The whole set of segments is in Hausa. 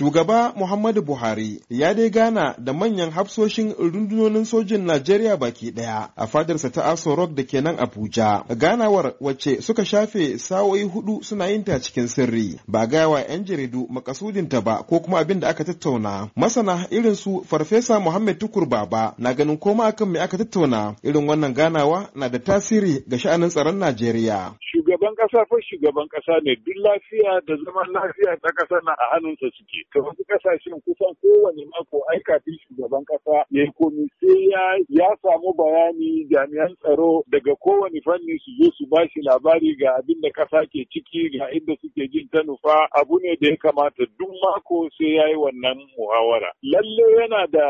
Shugaba Muhammadu Buhari ya dai gana da manyan hafsoshin rundunonin sojin Najeriya baki daya a fadarsa ta Aso Rock da kenan Abuja. Ganawar wacce suka shafe sa'o'i hudu suna yin ta cikin sirri ba gawa 'yan jaridu makasudinta ba ko kuma abin da aka tattauna. Masana irin su Farfesa Muhammad Tukur Baba na ganin koma akan me aka tattauna irin wannan ganawa na da tasiri ga sha'anin tsaron Najeriya. shugaban kasa fa shugaban kasa ne duk lafiya da zaman lafiya ta kasa na a hannunsa suke. Kamar kasashen kusan kowane mako ai kafin shugaban kasa ya yi komi sai ya samu bayani jami'an tsaro daga kowane fanni su zo su ba shi labari ga abin da kasa ke ciki ga inda suke jin ta nufa abu ne da ya kamata duk mako sai ya yi wannan muhawara. Lalle yana da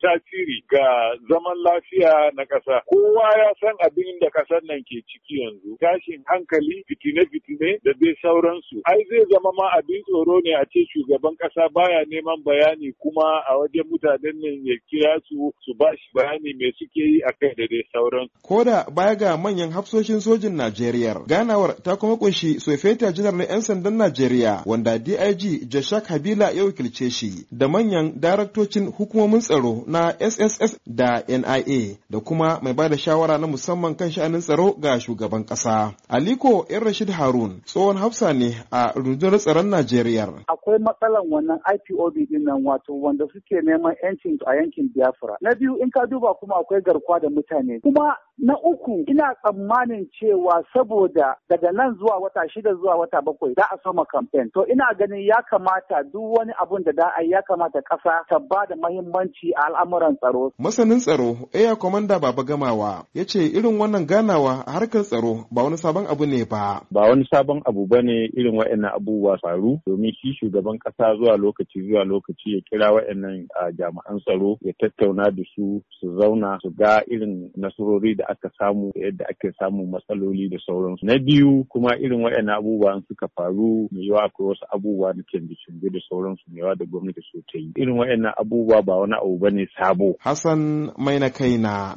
tasiri ga zaman lafiya na ƙasa. Kowa ya san abin da kasar nan ke ciki yanzu. Tashin hankali, fitine-fitine da dai sauransu. Ai zai zama ma abin tsoro ne a ce shugaban ƙasa baya neman bayani kuma a wajen mutane kuɗaɗen nan ya kira su su ba shi bayani me suke yi akai da dai sauran. Koda baya ga manyan hafsoshin sojin Najeriya, ganawar ta kuma kunshi sofeta janar na 'yan sandan Najeriya wanda DIG Jashak Habila ya wakilce shi da manyan daraktocin hukumomin tsaro na SSS da NIA da kuma mai ba da shawara na musamman kan sha'anin tsaro ga shugaban ƙasa. Aliko 'yan Rashid Harun tsohon hafsa ne a rundunar tsaron Najeriya. Akwai matsalan wannan IPOB din nan wato wanda suke neman 'yancin a yankin Biafra. Na biyu in ka duba kuma akwai garkuwa da mutane. Kuma Na uku ina tsammanin cewa saboda daga nan zuwa wata shida zuwa wata bakwai za a soma kamfen. To ina ganin ya kamata duk wani abun da da a ya kamata kasa ta ba da mahimmanci a al'amuran tsaro. Masanin tsaro Air Commander Baba Gamawa ya ce irin wannan ganawa a harkar tsaro ba wani sabon abu ne ba. Ba wani sabon abu ba ne irin waɗannan abubuwa faru domin shi shugaban ƙasa zuwa lokaci zuwa lokaci ya kira waɗannan ah, jami'an tsaro ya tattauna da su su zauna su ga irin nasarori da aka samu yadda ake samun matsaloli da sauransu. Na biyu kuma irin waɗannan abubuwan suka faru mai yawa akwai wasu abubuwa da canje-canje da sauransu mai yawa da gwamnati su ta yi. Irin waɗannan abubuwa ba wani abu ba ne sabo. Hassan mai na kai na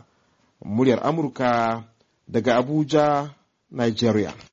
muryar Amurka daga Abuja, Nigeria.